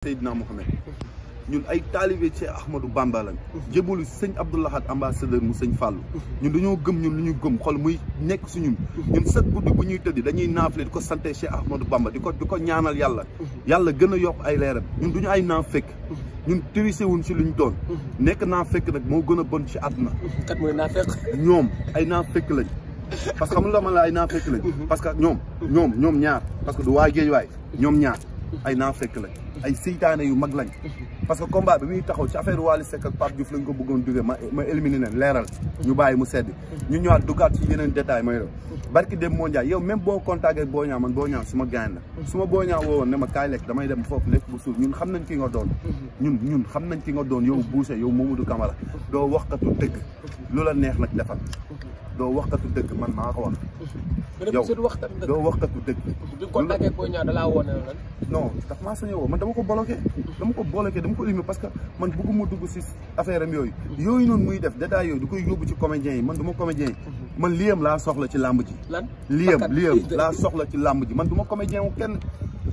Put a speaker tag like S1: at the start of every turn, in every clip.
S1: Seydina Mohamed ñun ay taalibe Cheikh Ahmadou Bamba lañ jébalu sëñ Abdou Lahad ambassadeur mu sëñ Fallou ñun dañoo gëm ñun lu ñu gëm xol muy nekk suñu ñun sat guddi bu ñuy tëddi dañuy naafle di ko sante Cheikh Ahmadou Bamba di ko di ko ñaanal yàlla yàlla gën a yokk ay leeram ñun duñu ay naaf fekk ñun tirise wuñ si luñ doon nekk naaf fekk nag moo gën a bon ci àdduna kat mooy naaf fekk ñoom ay naaf fekk lañ parce que xam ma la ay naaf fekk lañ parce que ñoom ñoom ñoom ñaar parce que du waa géej waay ñoom ñaar ay naafeq lañ ay seytaane yu mag lañ parce que combat bi muy taxaw ci affaire Wally Seck ak Pape Diouf ko bëggoon duggee ma ma éliminer leen leeral ñu bàyyi mu sedd ñu ñëwaat duggaat ci yeneen détail may loolu barki dem moo njaay yow même boo contacté boo ñaa man boo ñaa su ma gaañ la su ma boo ñaa woon ne ma kaay lekk damay dem foofu lekk bu suuf ñun xam nañ ki nga doon ñun ñun xam nañ ki nga doon yow Boucher yow Mamadou Camara doo waxkatu dëgg lu la neex nag defal doo waxkatu dëgg man maa ko wax. yow doo waxkatu dëgg. bi ko daggee booy maa sañ woo man dama ko bloqué. dama ko bloqué dama ko éliminé parce que man bëgguma dugg si affaire am yooyu. Mhm. yooyu noonu muy def détail yooyu du koy yóbbu ci comédien yi man du ma comédien yi. Mhm. man liyam laa soxla ci làmb ji. lan liyam liyam laa soxla ci làmb ji man du ma comédien wu kenn.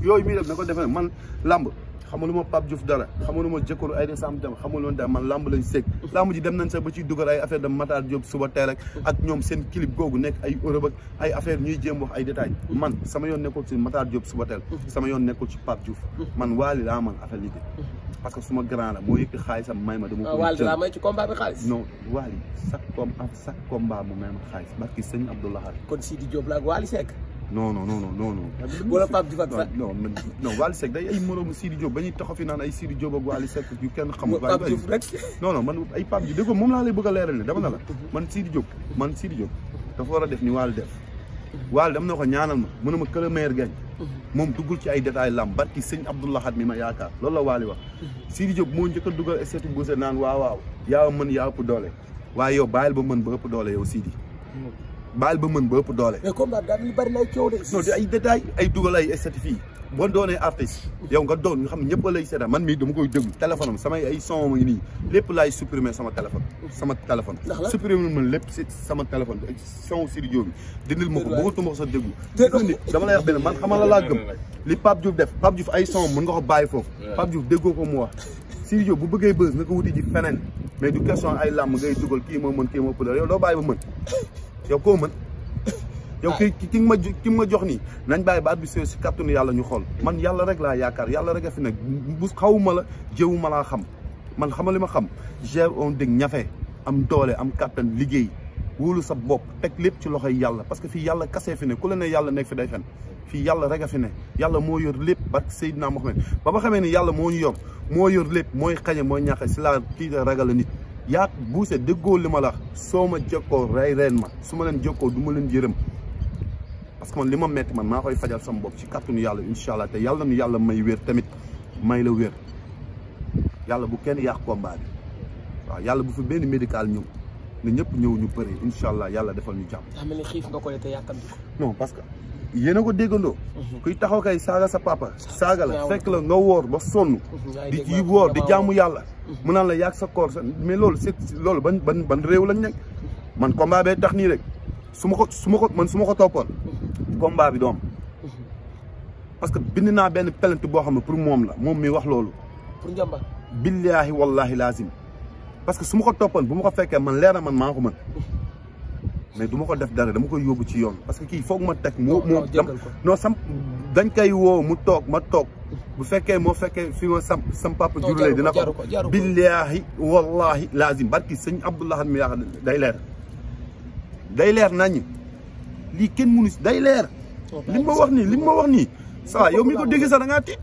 S1: yooyu muy def da ko defee man làmb xamaluma Pape Diouf dara xamaluma jëkkëru ay desamb tam xamaloon dara man lamb lañ seeg lamb ji dem nañ sax ba ciy dugal ay affaire de Matar Diop suba teel ak ak ñoom seen clip googu nekk ay Europe ay affaire ñuy jéem wax ay détails man sama yoon nekkul ci Matar Diop suba teel sama yoon nekkul ci Pape Diouf man waali laa man affaire yi parce que suma grand la moo yëkk xaalisam may ma dama ah, ko waali laa may ci combat bi xaalis non waali chaque com chaque combat mu may ma xaalis non non noonu non non. Ah, wala Pape Diouf ak non non Wally Seck day ay moroomu Sidi Diop ba ñuy taxaw fi naan ay Sidi Diop ak Wally Seck yu kenn xamul. Pape Diouf rek non non man ay Pape Diouf dégg nga moom laa lay bëgg a leeral ne dama na la dafa war a def ni Wally def Wally dama na ko ñaanal ma mën na ma que le meilleur moom duggul ci ay détails lam barki sëñ Abdoulaye Khat mi ma yaakaar loolu la Wally wax Sidi Diop moo njëkk a dugal esthétique naan waaw waaw yaa mën yaa ëpp doole waaye yow bàyyil ba mën ba ëpp doole yow Sidi bal ba mën ba ëpp mais combat daal ñu bari lay de. non ay détails ay dugal ay boo doone artiste. yow nga doon xam lay man mii dama koy déglu téléphone am samay ay son yi nii lépp laay supprimer sama téléphone. sama téléphone. si sama téléphone son bi. dindil dama lay wax man la gëm. li Pape def Pape ay son mën nga ko Pape ko bu wuti ji mais du question ay làmm ngay dugal kii moo mën kii moo pëdal yow doo bàyyi ba mën yow koo mën yow ki ki ma jox nii nañ bàyyi ba adbisé si kàttanu yàlla ñu xool man yàlla rek laa yaakaar yàlla rek a fi nag bu xawuma la jéwuma laa xam man xamal li ma xam gère on dég ñafe am doole am kàttan liggéey wóolu sa bopp teg lépp ci loxoy yàlla parce que fii yàlla kasee fi ne ku la ne yàlla nekk fi day fen fii yàlla rek a fi ne yàlla moo yor lépp barke Seydina Mohamed ba ma xamee ne yàlla moo ñu yor moo yor lépp mooy xañe mooy ñàkk si laa kii ragal a nit yaat buuse déggoo li ma la soo ma jokkoo rey reen ma su ma leen jokkoo duma leen jërëm parce que man li ma metti man maa koy fajal sama bopp ci kàttanu yàlla incha allah te yàlla nu yàlla may wér tamit may la wér yàlla bu kenn yàq combat bi waaw yàlla bu fi benn médical ñëw ne ñëpp ñëw ñu bëri incha yàlla defal ñu jàmm. yéen a ko déggandoo. Mhm. kuy taxaw kay saaga sa papa. saaga la fekk la nga woor ba sonn. Mhm. di woor di jaamu yàlla. Mhm. mu naan la yàgg sa koor sa mais loolu c'est loolu ban ban ban réew lañ nekk. man combat bee tax nii rek su ma ko su ma man su ko toppoon. combat bi doom parce que bind naa benn pelent boo xam ne pour moom la moom mi wax loolu. pour njàmba. billaahi wallaahi laazim parce que su ma ko toppoon bu ma ko fekkee man leer na man maa ko mën. mais duma ko def dara dama koy yóbbu ci yoon parce que ki fogg ma teg mo mu no sam dañ kay wo mu tok ma tok bu fekke mo fekke fi mo sam sam papa lay dina ko billahi wallahi lazim, barki seigne Abdullah mi yaa day leer day leer nañ li ken mënu day leer lim ma wax ni lim ma wax ni sa yow mi ko degge sa da nga ti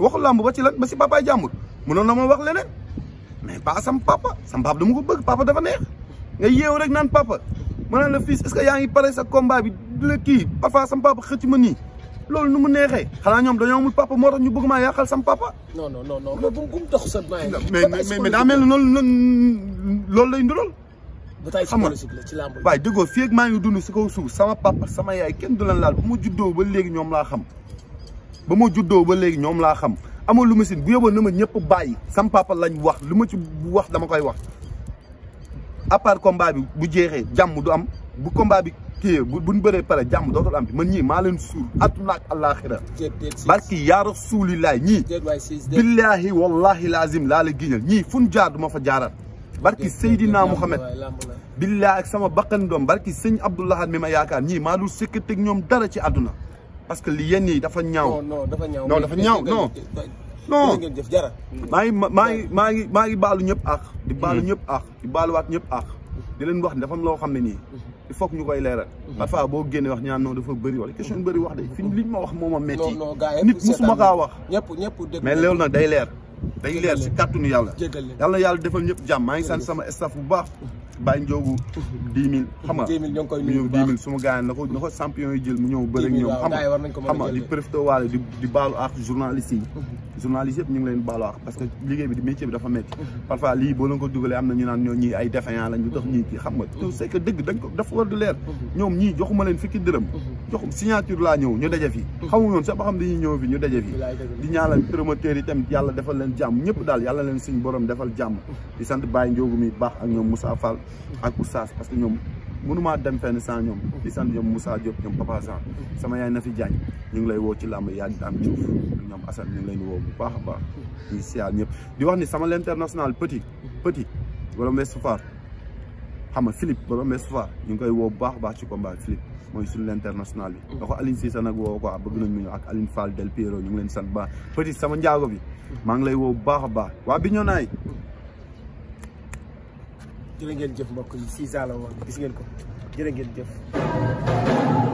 S1: waxu lamb ba ci lan ba ci papa jàmbur munon na ma wax lenen mais pas sam papa sam papa dama ko beug papa dafa neex nga yew rek nan papa ma naan fils est-ce que yaa ngi pare sa combat bi du la kii parfois papa xëcc ma nii loolu nu mu neexee xanaa ñoom dañoo amul papa moo tax ñu bëgguma maa sam papa. non non non non bu mu tax sa mais mais mais da mel ni noonu loolu lay ndural. ci lamb waaye déggoo fi ak ma ngi dund si kaw suuf sama papa sama yaay kenn du leen laal bu mu juddoo ba légui ñom la xam ba mu juddoo ba légui ñom la xam amul lu ma bu yóbboon na ma ñepp bàyyi sam papa lañ wax lu ma ci wax dama koy wax à part combat bi bu jéxé jàmm du am bu combat bi téye buñ béré pare jàmm dootul am man ñi ma leen suul atuna ak al-akhirah àllaaxira barki ya rasulillah ñi billahi wallahi lazim la la giñal ñi fuñ jaar du ma fa jaarat barki Seydina muhammad billahi ak sama bakkan dom barki seigne abdullah mi ma yaakaar ñi ma lu sekk tek ñom dara ci aduna parce que li yenn yi dafa ñaaw non dafa ñaaw non non ngeen jëf jara maa ngi maa ngi maa ngi maa ngi baalu ñëpp ak di baalu hmm. ñëpp ak di baaluwaat ñëpp ak di leen wax ne dafa loo xam ne nii il faut ñu koy leeral hmm. parfois boo génnee wax ñaan non dafa bëri wax question bëri wax de fi liñ ma wax moo ma metti nit musuma kaa wax mais loolu nag day leer day leer si kàttanu yàlla yàlla yàlla defal ñëpp jàmm maa ngi sant sama staff bu baax bàyyi njoogu dix mille xam nga ñëw suma gars yi na ko na ko champion yi jël mu ñëw bëri ñoom xam nga xam nga di profité waale di baalu ak journaliste yi journaliste yëpp ñu leen baalu ak parfois lii boo leen ko dugalee am na ñu naan ñoo ñii ay défaillant la ñu dafa war di leer ñoom ñii joxuma leen fikki dërëm jox signature laa ñëw ñu daje fi xamuñu woon ba xam dañuy ñëw fi ñu daje fi di ñaanal promoteurs yi tamit yàlla defal leen jàmm ñëpp daal yàlla leen suñu borom defal jàmm di sant Baye Ndiogu mi baax ak ñoom Moussa Fall ak Oustaz parce que ñoom mënumaa dem fenn sans ñoom di sant ñoom Moussa Diop ñoom Papa Jean sama yaay na fi jaañ ñu ngi lay woo ci làmb yaa daan Diouf ñoom Assane ñu ngi leen woo bu baax a baax ñu siyaar ñëpp di wax ni sama l'international petit petit wala West xam nga Philippe borom espoir ñu ngi koy woo bu baax baax ci combat Philippe mooy sur l'international bi da ko Aline Cissé nag woo quoi bëgg nañ mu ñëw ak Aline Fall Del Piero ñu ngi leen sant baax petit sama njaago bi maa ngi lay wow bu baax a baax waa bi ñoo naay jërë ngeen jëf mbokk yi Cissé la woon gis ngeen ko jërë ngeen jëf